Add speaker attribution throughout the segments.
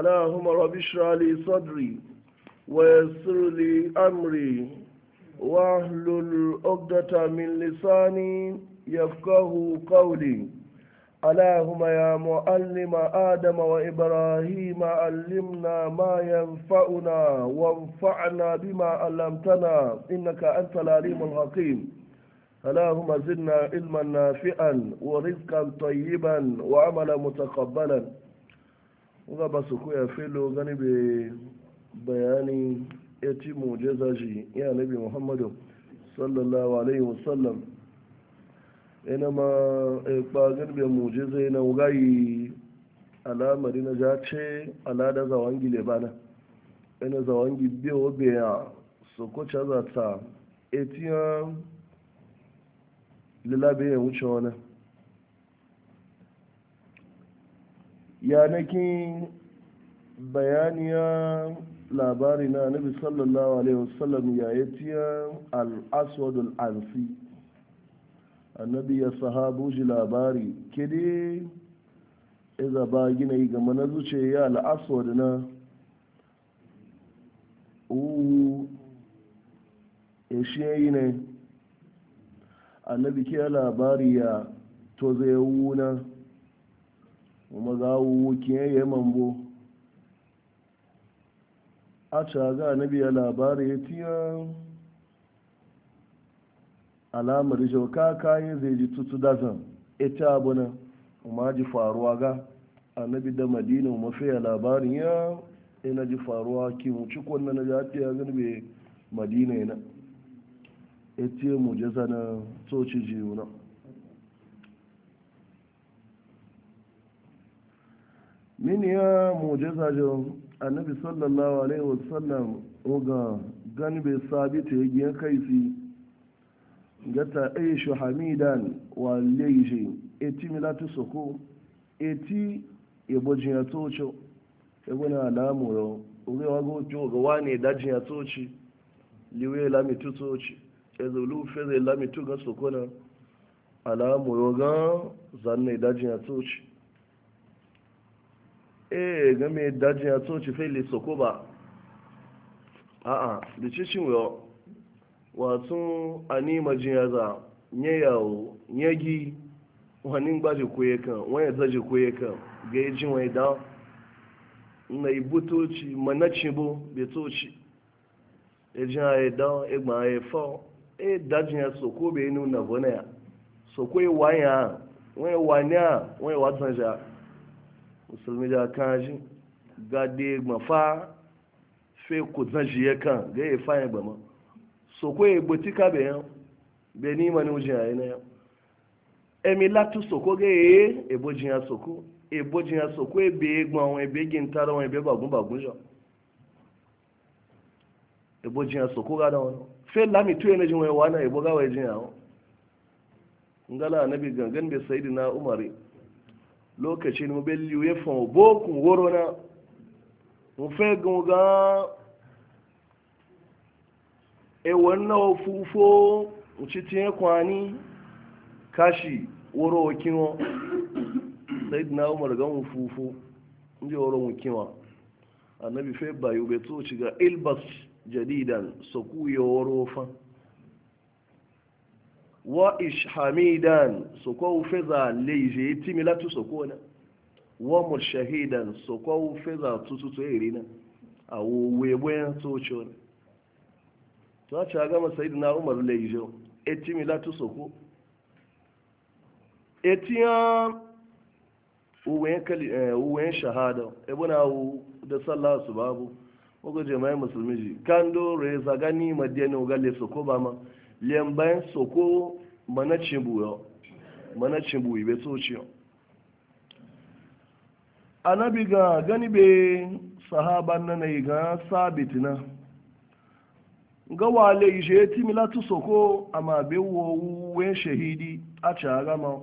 Speaker 1: اللهم رب اشرح لي صدري ويسر لي امري واحلل عقدة من لساني يفقه قولي اللهم يا معلم آدم وإبراهيم علمنا ما ينفعنا وانفعنا بما علمتنا إنك أنت العليم الحكيم اللهم زدنا علما نافعا ورزقا طيبا وعملا متقبلا ga ba su koya filo gani bai bayani ya ci mujiza shi ya nabi muhammadu sallallahu alaihi wasallam ina ma ikpa eh, gani bai mujiza yana wugayi alamari na ja ce alada zawangi bana ina zawangi biyo biya su kuce zata etiyan lilabe ya wuce wani yanakin bayaniya labari na nabi sallallahu alaihi wasallam ya yi tiya al'aswad al'ansi annabi ya sahabu ji labari kidi iza ba gina yi gama na zuce ya al'aswad na uwu ya shi yi ne annabi ke labari ya to zai wuna kuma za a wukin ya mambo a caga na biya labari ya tiya alamar shauka kayan zai ji tutu dazan ita abuna kuma ji faruwa ga annabi da madina mafiya labarin ya ina ji faruwa ki muci kwanna na zafi ya zanbe madina yana ita mu jasa na toci jiyu na min ya mujiza jo annabi sallallahu alaihi wasallam oga gani bai sabita ya giyan kaifi gata aishu hamidan wa leije eti milatu soko eti ebojin ya tocho ebona alamu yo oge wa go jo ga wani dajin ya tochi liwe lami tu tochi ezulu fere lami tu ga sokona alamu yo ga zanne dajin ya tochi eh ga mai dajin ya tsoci le soko ba a'a da cikin yau wato anima jin ya nye yawo nye gi wani gbaji koye kan wani zaji koye kan ga yi jin wani dan na ibu toci manacin bo bai ha e ejin ayi dan egban ayi fa e dajin ya soko bai nuna bane ya soko yi wani a wani wani a, wani watan ja musulmi da kanji gade mafa fe ko zanji ya kan ga ya fayin gbama so ko ya gboti ka be yan be ni mani ujin ayi na yan emi latu soko ga ya ebo jiyan soko ebo jiyan soko ebe egbon awon ebe gintara awon ebe bagun bagun jo ebo jiyan soko ga da wani fe lami tu yana jin wani wana ebo ga wai jiyan awon ngala anabi gangan be sayidina umari lokacin mu belli ya fon boku woro na mu fe gunga e wannan ofufo ucitin kwani kashi woro kinwo sayyidina umar ga ofufo nje woro kinwa annabi fe bayu be shiga ci ga ilbas jadidan soku yoro fa wa ishamidan hamidan soko feza leje latu tu soko na wa murshahidan soko feza tututu irina a weweboyan socho na to a ci a gama sayidu na umar leje etimila tu soko etiyan eh, uwen shahada ebuna da sallah su babu ogo jama'in musulmi ji kando reza gani madiyanu galle ko ba ma lembayin soko mana cimbuyo ibe cimbuyi bai sociyo anabi ga gani be sahaban na na ga sabit na ga wale ishe timilatu soko ama be wowu wen shahidi a cagama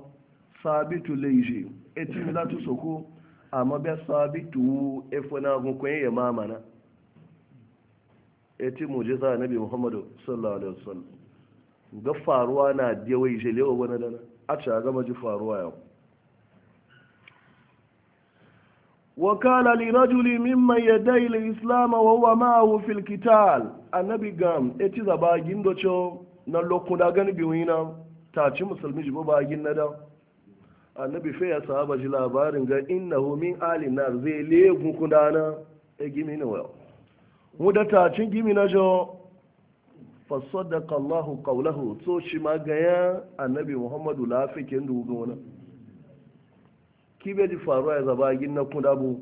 Speaker 1: sabitu leije etimilatu soko ama be sabitu efonagun kwenye mamana eti mujiza anabi muhammadu sallallahu alaihi wasallam ga faruwa na dewai jelewa wani dana a ce a gama ji faruwa yau wakala lirajuli mimman ya daila islama wawa ma'ahu fil kital annabi gam ya e ci zaba gindo co na lokuna gani biwina ta ci musulmi ji ba gin na da annabi fe ya sahaba ji labarin ga innahu min ali nar zai legun kudana ya e gimi na wa mu da ta cin gimi na jo fasadaka Allahu qawlahu to shi ma gaya annabi Muhammadu lafikin dugun wani kibe di faruwa ya zaba gin na kudabu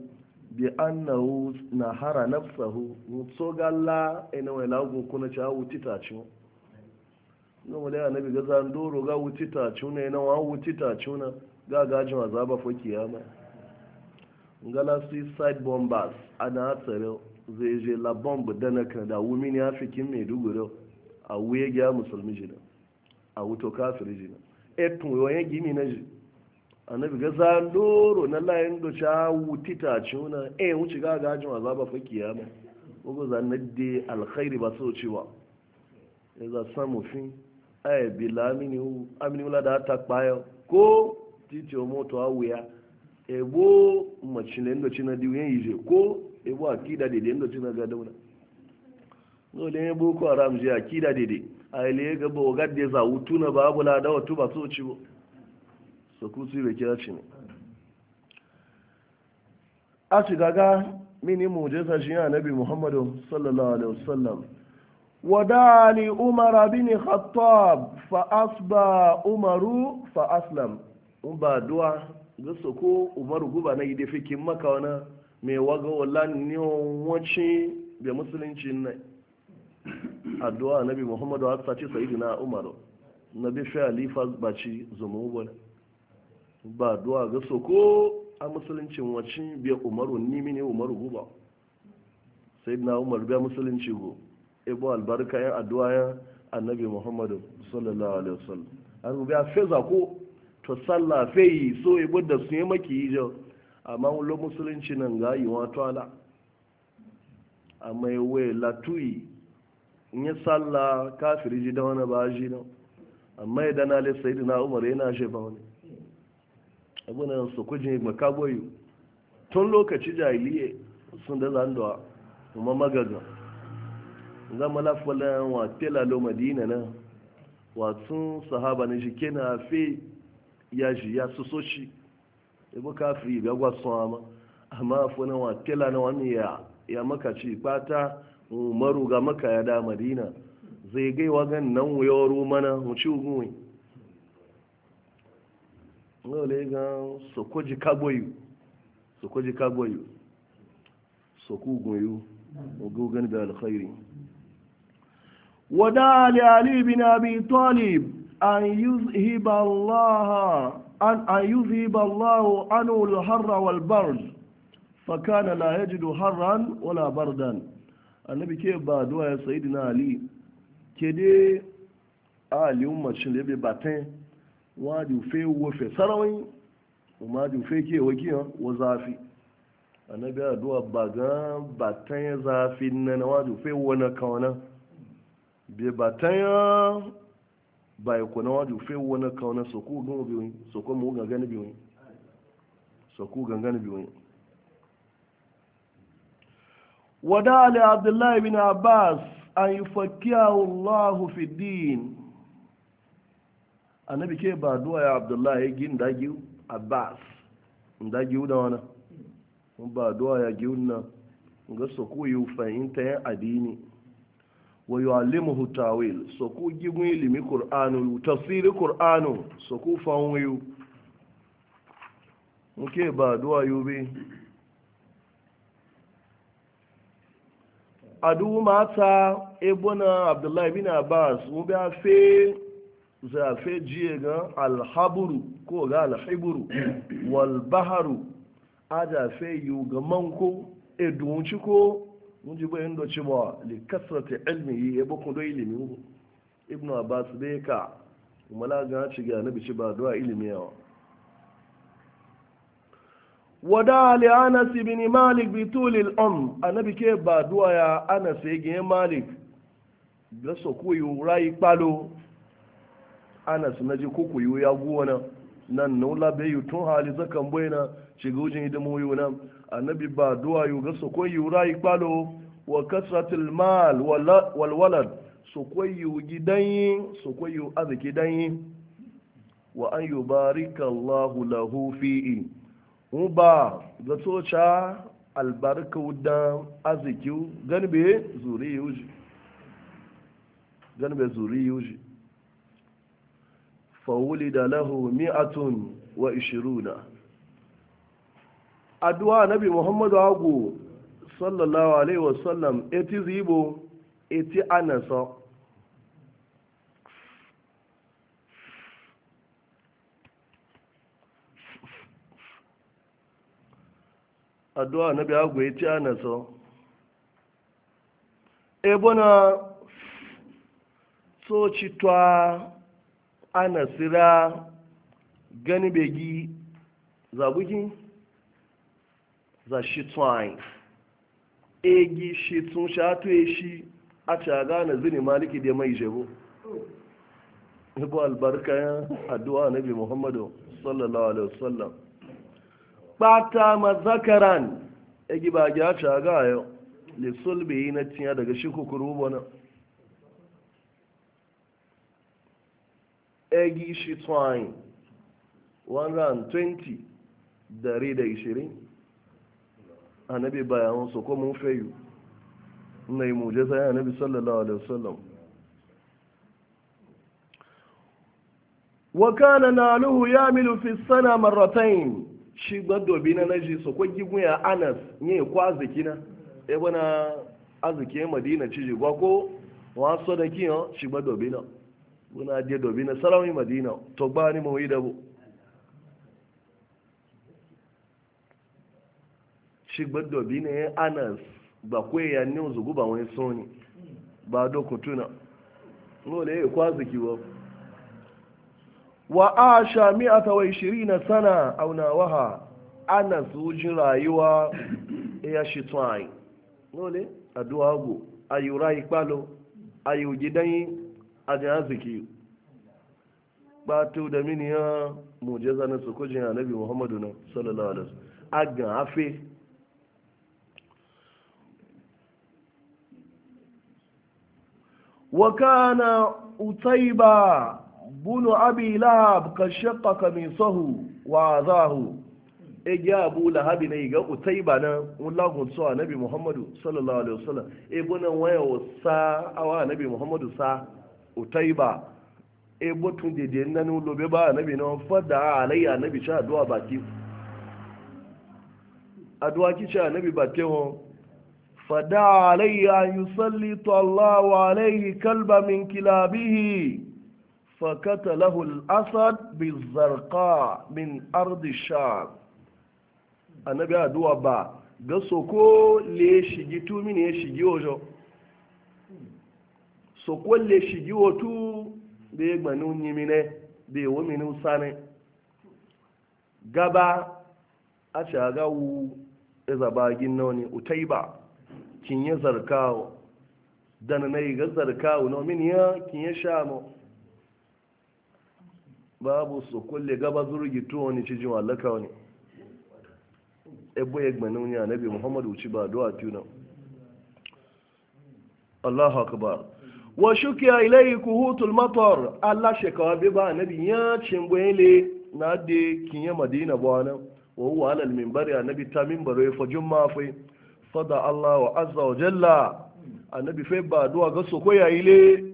Speaker 1: bi annahu nahara nafsahu mutso galla ina wai lagun kuna ci hawu titaci wani wale annabi ga zan doro ga wuti ci na ina wa wuti ci na ga gajin azaba fa kiyama ngala side-bombas ana tsare zai je la bomb da na kada wumi ne afikin mai duguro a wuye gya musulmi jina a wuto kafiri jina etun yoyen gimi na ji annabi ga doro na layin do cha wuti ta ciuna e wuci ga gajin azaba fa kiyama ugo de alkhairi ba so ciwa e, za samu fin ay e, bilamini amini wala da ta payo ko titi o moto wuya ebo machine ndo china yi yije ko ebo akida de ndo china ga dauna dole ne boko haram ki da dede a ile ya ba wagar da za wutu na babu lada wato ba so ci ba so ku su bai kira ci ne a ci gaga mini mujiza shi ya nabi muhammadu sallallahu alaihi wasallam wada li umar bin khattab fa asba umaru fa aslam un ba duwa ga so ko umaru guba na gidefe fikin maka wani mai waga wala ni wancin da musulunci nai addu'a nabi muhammadu har sace Umaru na nabi fi alifa baci zumu Ba ba addu'a ga ko a musuluncin wacin biya umaru ni mini umaru guba na Umaru biya musulunci go ibo albarka yan addu'a yan annabi muhammadu sallallahu alaihi wasallam an a feza ko to sallah feyi so ibo da su yi maki yi jau amma wulo musulunci nan ga yi wato ala amma mai wai latuyi nye salla tsalla kafiri ji da wani ba ji na amma ya na le sai na umar yana je ba wani abunan su kujin makagoyi tun lokaci jahiliye sun da zandawa kuma magaga zama lafalan wa telalo madina na watun sahaba na shi kena fe ya shi ya soso shi ibu kafiri ga gwasan ama amma funan wa tela na wani ya makaci fata umaru ga maka ya da madina zai gaiwa gan nan wuyoro mana mu ci gumi ngole ga sokoji kaboyu sokoji kaboyu soku guyu ogogan da alkhairi wada ali ali bin abi talib an yuzhiba allah an an yuzhiba allah anhu al-harra wal bard فكان لا يجد حرا ولا بردا annabi ke ba duwa ya sayi na ali ke de ali umarcin da ya bai batan wa jufe wofe sarawai ma jufe ke waki wa zafi annabi ya duwa ba ga batin ya zafi na na wa jufe na kawana bai batin ya ba ya kuna wa jufe na kawana soko gan biyu soko mu gangan biyu soko gangan biyu ودا لعبد الله بن عباس أن يفكيه الله في الدين annabi ke ba duwa ya abdullahi gi ndagiu abbas ndagiu da wana ba duwa ya giu na ga soku yu fahimta ya adini wa yuallimuhu tawil soku gi mu ilimi qur'anu fahimta nke ba duwa bi adu mata ebona abdullahi bin abbas mu bi afe zafe jiye gan alhaburu ko ga alhaburu wal baharu aja fe yu ga manko edun ci ko mun ji bayan do ci ba li kasrati ilmi ya bokun do ilimi ibnu abbas be ka mala ga ci ga nabi ci ba do ilimi yawa wada li anas ibn malik bi tuli al-um anabi ke ba duwa ya anas ege malik da so ku yi rai palo anas ji ku ku yi ya gona nan no la be yu tun hali zakan boyna shiga ujin idimu yuna anabi ba duwa yu ga so ku yi rai palo wa kasratul mal wal walad so ku yi gidan so ku yi azki dan wa an yubarika allah lahu fi'i ba ga tsoca albarka da arziki ganibe zuri yuji ganibe zuri yuji fawuli da lahu mi'atun wa ishiruna addu'a nabi muhammadu agu sallallahu alaihi wasallam eti zibo eti anasa addu'a na biya goyi ti ana so e bona so citwa ana sira gani begi zabuki za shi twain egi shi tun shato e shi a caga na zini maliki da mai jebo ibu albarka addu'a na bi muhammadu sallallahu alaihi wasallam ɓata mazakaran ya giba gyaca ga yau lissul bai yi na cinya daga shi kukuru bana egi shi twine 120 dari da ishirin annabi bayan su ko mun fayu na yi muje sai annabi sallallahu alaihi wasallam وكان ya milu fi sana مرتين shi gbadobi na naji so ko gigun ya anas ne kwa arziki na e bana arziki ya madina ciji gwa ko wa so da kiyo shi gbadobi na buna je dobi na salami madina to ba ni mu da bu shi gbadobi ne anas ba ko ya ne uzugu ba wani soni ba do kutuna ngole kwa arziki wa wa asha mi'ata wa ishirina sana aunawaha ana zujin rayuwa ya shitwai nole addu'a go ayu rai palo ayu gidan ajan ziki batu da miniya mujaza na su kujin annabi muhammadu na sallallahu alaihi wasallam agan afe wa kana utaiba bunu abi lahab ka shakka ka min sahu wa zahu ege abu lahabi ne ga utai ba nan wulagun so annabi muhammadu sallallahu alaihi wasallam e bunan waya wasa awa annabi muhammadu sa utai ba e botun de de nan lobe ba annabi na a alayya annabi sha addu'a baki addu'a ki sha annabi ba tewo fada alayya yusallitu allahu alayhi kalba min kilabihi فقتله الأسد بالزرقاء من أرض الشام annabi aduwa ba ga soko le shigi tu mini ya shigi ojo soko le shigi otu da ya gbani unyi mine da ya womini usane gaba a ce a gawu ya zaba gina wani utai ba kin ya zarkawo da na yi ga zarkawo na mini ya kin ya shamo babu su kulle gaba zurgi to wani ci jin wallaka wani ebe egbe na wunya nabi muhammad wuce ba duwa tuna allah akbar wa shukiya ku hutu matar allah shekawa bi ba nabi ya cimbele na de kinye madina wani wa huwa ala al a nabi ta minbaro fa jumma mafi fada allah wa azza wa jalla annabi fai ba duwa ga sokoya ile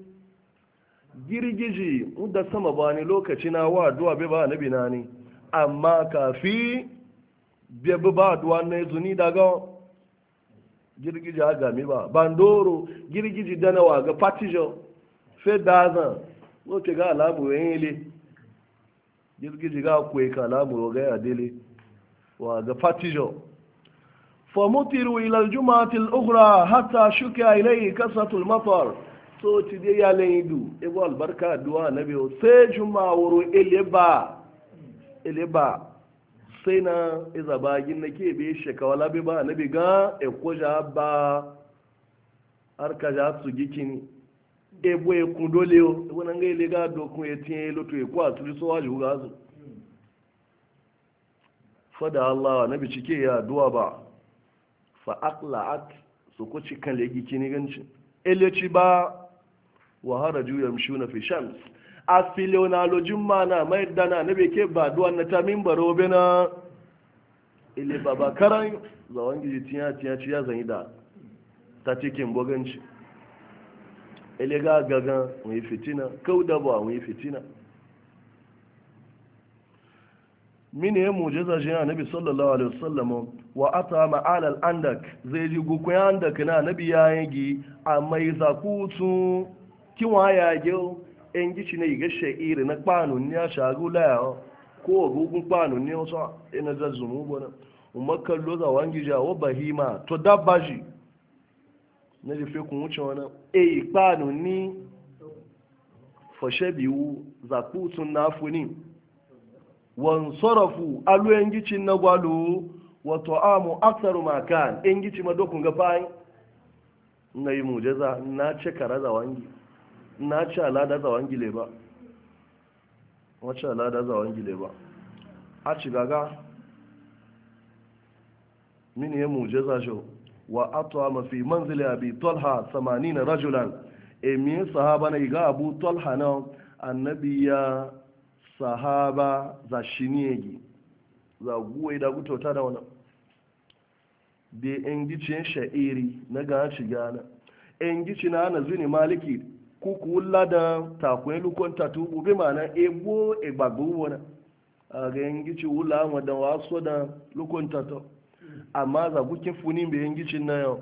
Speaker 1: girgiji da sama ba ni lokaci na wa duwa bai ba na na ni amma kafi bai ba duwa na zuni daga girgiji a gami ba bandoro girgiji dana wa ga patijo fe dazan loke ga alamu yi ile girgiji ga kuwa e ka alamu ga ya dele wa ga patijo فمطروا ilal الجمعة الأخرى حتى shuka إليه kasatul المطر so ti de ya lan e ebo albarka duwa na biyo sai juma wuro eleba eleba sai na izabagin na ke be shekawa be ba na biga ekoja ba harka ja su gikin kun do dole o ebo na nga ele ga dokun etin lotu a turi so wa juga zu fada Allah na bi cike ya duwa ba fa aqla'at su ko cikan legi kini ci. ele ci ba wa haraju yamshuna fi shams a filonalojin mana mai dana na beke ba duwan na ta min baro na. ile ba ba karan zawon gizi tiya tiya ci ya zanyi da ta cikin boganci ile ga gaga mai fitina kau da ba mai fitina mini ya mujiza shi nabi sallallahu alaihi wasallam wa ata ma'ala al-andak zai ji gukuyan da kana nabi yayin gi a mai zakutu kí wọ́n ayà jẹ́ ó jí ṣe ní ìgẹ́ṣẹ́ ìrì ní páànù ní aṣáájú láyàá kó ògógún páànù ní ọ̀sán ẹni ẹ̀dá zùmú gbọ́nà lóza wa ngiji a wọ́n bahima tó dábà jì na lè fi wuce wọn èyí páànù ní náà wọ́n sọ́rọ̀fù alú ẹnjí ṣe na gwalo wọ́tọ̀ àmú aksaru makan ṣe madokun gafayin na yi mujaza na ce wangi na ci alada zawon gile ba wacce alada zawon gile ba a ci gaga mini ya muje shi wa atuwa mafi manzili abi tolha na rajulan emi sahaba na iga abu tolha na annabi ya sahaba za shi ne yi za guwa da gutota da wani da yan gicin sha'iri na gana ci gana yan na ana zini maliki kuku lada takwai lukon tatu ube mana egbo egbagbo wani a ga yangici wula ama da waso da lukon tatu amma za kuke funi bai yangicin na yau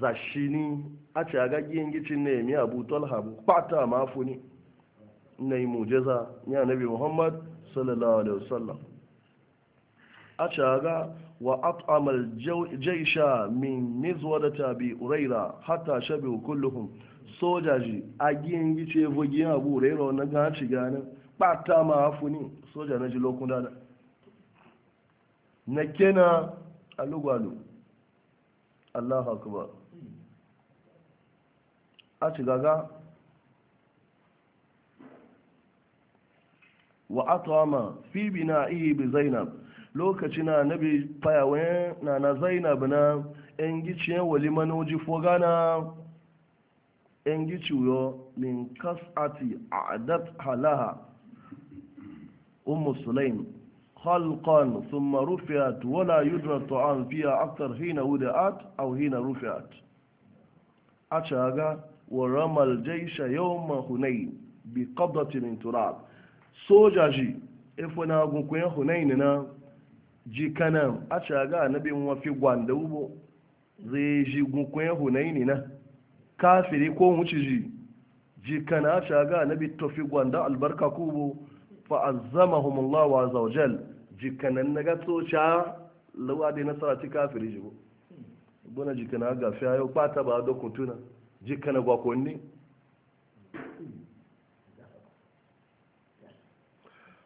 Speaker 1: za shi ni a ce a gagi yangicin na yami abu talhabu fata ma funi na yi mujiza ya nabi muhammad sallallahu alaihi wasallam a wa at'amal jaisha min nizwada tabi uraira hatta shabi kulluhum sojaji a giyan gice vogi abu uraira wannan ga ci ganin pata ma afuni ne soja na ji lokun dada na kena alugwalu allah akbar a ci gaga wa at'ama fi bina'ihi bi zainab lokacin na nabi fayawai na na zainab na yan giciyan waliman foga na, yan gici wuyo min kasati a adat halaha umu sulaim halkan sun marufiyat wala yudra to'an fiya aftar hina wuda'at au hina rufiyat a caga wa ramal sha yau hunai, bi kabdatin turat soja ji efu na hunai ne na jikanan a shaga annabin wafi gwanda ubo zai ji gunkun ya hunaini na kafiri ko wuce ji jikana a shaga annabi tofi gwanda albarka kubo fa azama humullah wa zaujal jikanan na gato sha lawa dai nasara ci kafiri ji bo buna jikana ga yau ba ta ba do kuntuna jikana gwa konni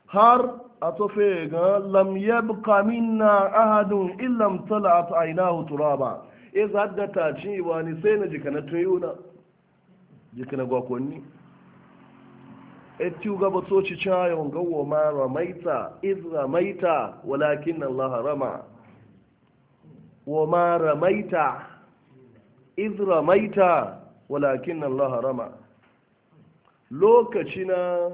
Speaker 1: har atofe ga lam buka minna ahadun illam talat aynahu ba, e zadda ta ci ni sai na jikana tuyuna jikana gwakonni e tiu ga so ci chayo gawo wa ma ramaita iz ramaita walakin Allah rama wa ma ramaita iz ramaita walakin Allah rama lokaci na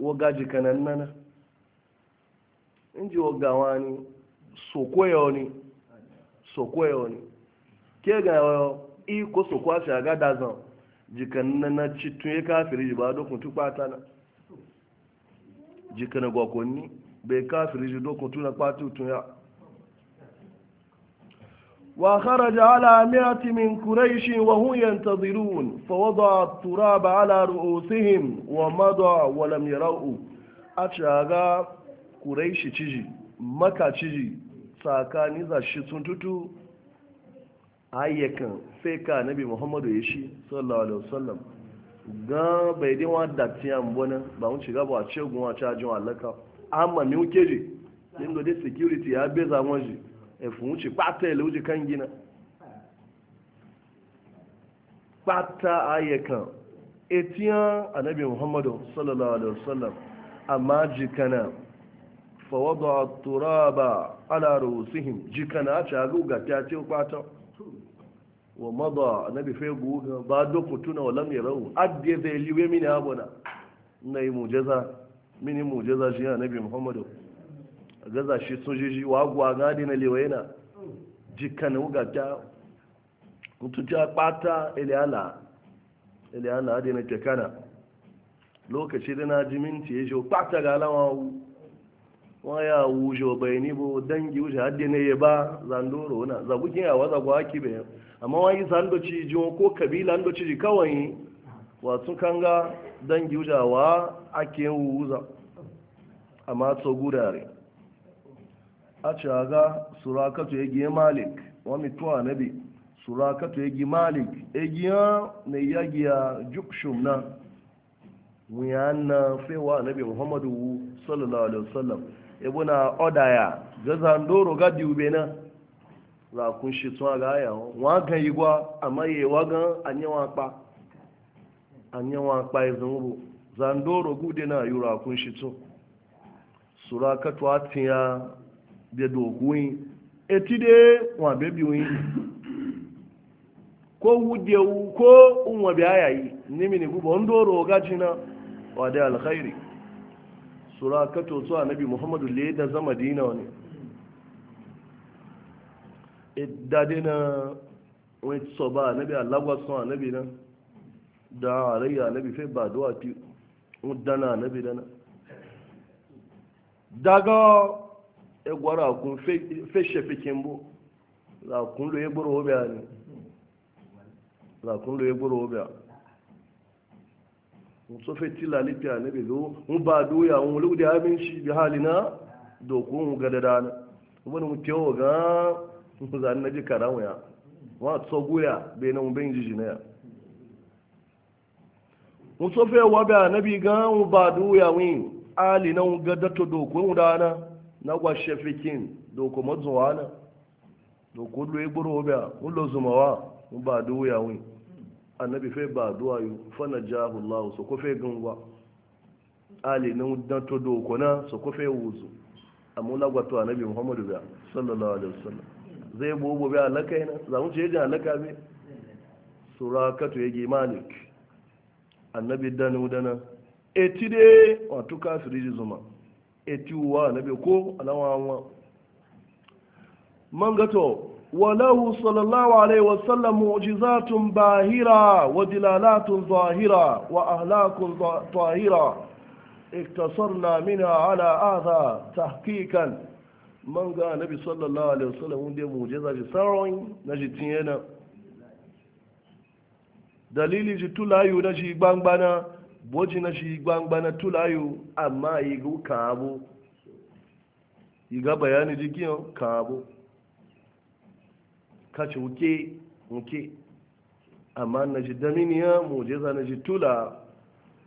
Speaker 1: woga jikanan nana inji woga wani sokoyo ni sokoyo ni ke ga iko sokwa shi aga dazan jikan nana citun ya kafiri ji ba dokun tu kwata na jikan gwakonni bai kafiri ji dokun tu na kwata tun ya وخرج على مئة من كريش وهم ينتظرون فوضع التراب على رؤوسهم ومضى ولم يروا أتشاغا كريش تجي مكة تجي ساكاني ذا الشتون تتو أيكا sai نبي محمد ويشي صلى الله عليه وسلم wasallam ga bai dai wa da tiyan bona ba mun shiga ba ce gun gunwa cajin allaka amma ni mi je din do security ya beza za ji ẹ̀fún ń ṣe pátá ẹ̀ ló ṣe káńgí náà pátá ayẹ kan etí hàn anabi muhammadu sallallahu alaihi wasallam amma jikana fawọ́dọ̀ àtúrábà alárùsíhìn jikana a ṣàgó gàtí àti pátá wa mọ́dọ̀ anabi fẹ́ gúgà bá dókùtúnà wà lámìíràn adìyẹ zai liwe mini abuna na mini mujaza shi anabi muhammadu gaza shi sojoji wagwa gadi na lewena jikan wugata mutuja kpata iliyala iliyala adi na jakana lokaci da na ji minti ya shi kpata ga alama waya wujo bai ni bo dangi wuce hadde ne ya ba zandoro na zagukin yawa zagwa haki bai amma wani zandoci ji ko kabila zandoci ji kawai wasu kanga dangi wuce wa ake wuza amma so gudare a caga surakatu egi malik wani tuwa nabi surakatu egi malik ya na giya jukshum na wuyan na fewa nabi muhammadu sallallahu alaihi wasallam ebo na odaya gazan doro gadi ube na rakun kun shi tun ga aya wa ga igwa amma ye wa ga anyewa pa anyewa pa izunbu zandoro gude na yura kun shi tun surakatu atiya da dokuwi eti de wa be bi wọn ko u, ko unwa bi ayayi nimi ne gubo ndoro gaji na wa da alkhairi sura ka to so annabi muhammadu le da zama dina wani idade na wani so ba annabi alagwa so annabi na da alayya annabi fe ba do ati dana annabi dana daga egwara kun feshe fikin bu za kun lo egboro obia ni za kun lo egboro obia mun so na tila lipi ne be zo mun ya doya mun lu da shi bi halina dokun gada mun ga da mu mun tewo ga zan na ji karan ya wa so guya be na mun ben ji ne mun so fe wa bi nabi ga mun ba doya ya ali na ga to do na gwa shafikin do ko mazuwa na do ko lo igboro obe zumawa mun ba du ya wi annabi fai ba duwa yu fana najahu allah so ko fe gungwa ali na dan to do ko na wuzu amma la gwa to annabi muhammadu ba sallallahu alaihi wasallam zai bobo bi alaka yana za mu ce ji alaka bi surakatu yake malik annabi danu dana etide wato kafiri zuma etiwa na bai ko alawawa man gato walahu sallallahu alaihi wasallam mu'jizatun bahira wa dilalatun zahira wa ahlakun tahira iktasarna minha ala adha tahqiqan Manga ga nabi sallallahu alaihi wasallam wanda mu'jiza ji sarawin na jitin yana dalili jitula yu na ji gbangbana boji na shi gbangba na tulayo amma yi ga kaabo yi ga bayani jikin kaabo kace wuke wuke amma na ji daminiya mujiza na ji tula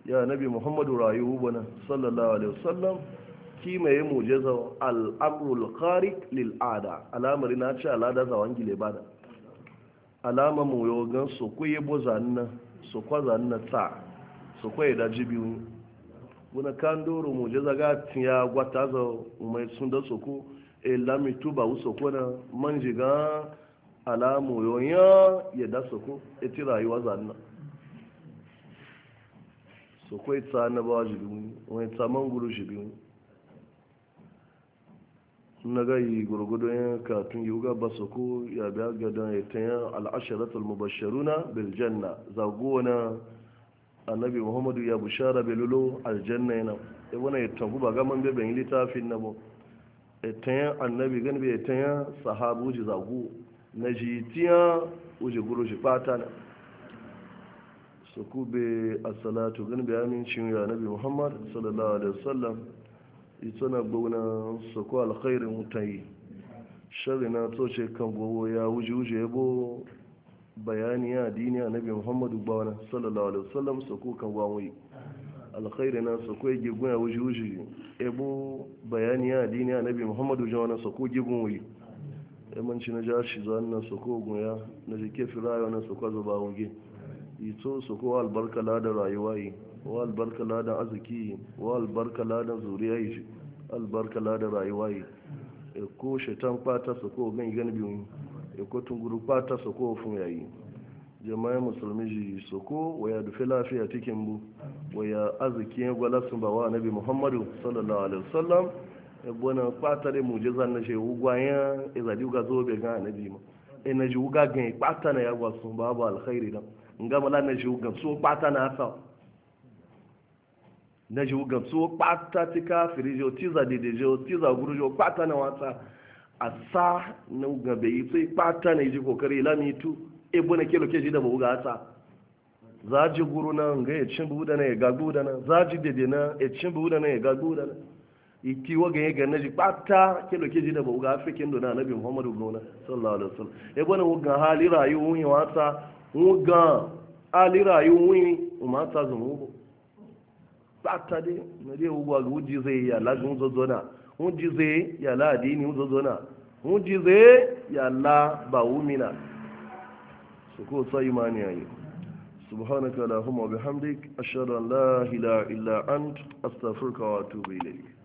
Speaker 1: ya nabi muhammadu rayu bana sallallahu alaihi wasallam ki mai mujiza al'amrul kharik lil ada alamari na ce alada za le bada alama mu gan su kuye bozan na su kwazan na ta su kwaye da ji biyu wani kan doro mu je zaga tiya gwata za mai sun da soko e lami tuba wu soko na man jiga alamu yonya ya da soko e ti rayuwa zanna soko ya e ta na ji jibi wani e ta man guru jibi na gayi gurgudu ya katun yi wuga ba soko ya biya gadan ya ta al'asharatul mubasharuna biljanna zago na annabi muhammadu ya bushara belulu aljanna yana e na ya tabu ba gaman bai yi littafin na Ya e tanya annabi gani bai e tanya sahabu ji zagu na ji tiya uji guru ji fata na su kube a salatu gani bai amincin ya annabi muhammad sallallahu alaihi wasallam ita na gbauna su ko alkhairin mutayi shari na toce kan gowo ya wuje wuje yabo Bayaniya ya dini annabi muhammadu Gbawana, sallallahu alaihi wasallam su ko kan gwamwai alkhairi na su ko yake guna wuce wuce ebo bayaniya ya dini annabi muhammadu jawana su ko gigun wuji yamanci na jashi zuwa nan su ko gunya na jike firayo na su ko zuba wuge ito su ko albarka ladan rayuwa yi wa albarka ladan arziki yi wa albarka ladan zuriya yi albarka ladan rayuwa yi e ko shaitan fata su ko gan gani biyu ya kotun gurupa ta soko fun yayi jama'a musulmi ji soko waya dufe lafiya cikin bu waya arziki ya gwala sun bawa nabi muhammadu sallallahu alaihi wasallam ya bona kwata da mujiza na shi ugwaya izadi uga zo be ga nabi ma e na ji uga gan kwata na ya gwa sun ba alkhairi da nga mala na ji uga so kwata na sa na ji uga so kwata tika firijo tiza dedejo tiza gurujo kwata na wata a sa na gabe yi sai ɓata na ji kokari tu? e bune kelo ke ji da ba ugata za ji guru na ga ya cin buda na ya ga guda na za ji dede na ya cin buda na ya ga guda na iti ga ya na ji ɓata kelo ke ji da ba uga afrikin dona nabi muhammadu gona sallallahu alaihi wasallam e eh, bune wuga hali rayuwa yi wata wuga hali rayuwa yi umata zumugo ɓata dai na dai ga guji zai yi alagun zozona mujize ya la adini uzozona mujize ya la baumina suko sa imani ayo subhanaka allahumma wa bihamdik ashhadu an la ilaha illa ant astaghfiruka wa atubu ilayk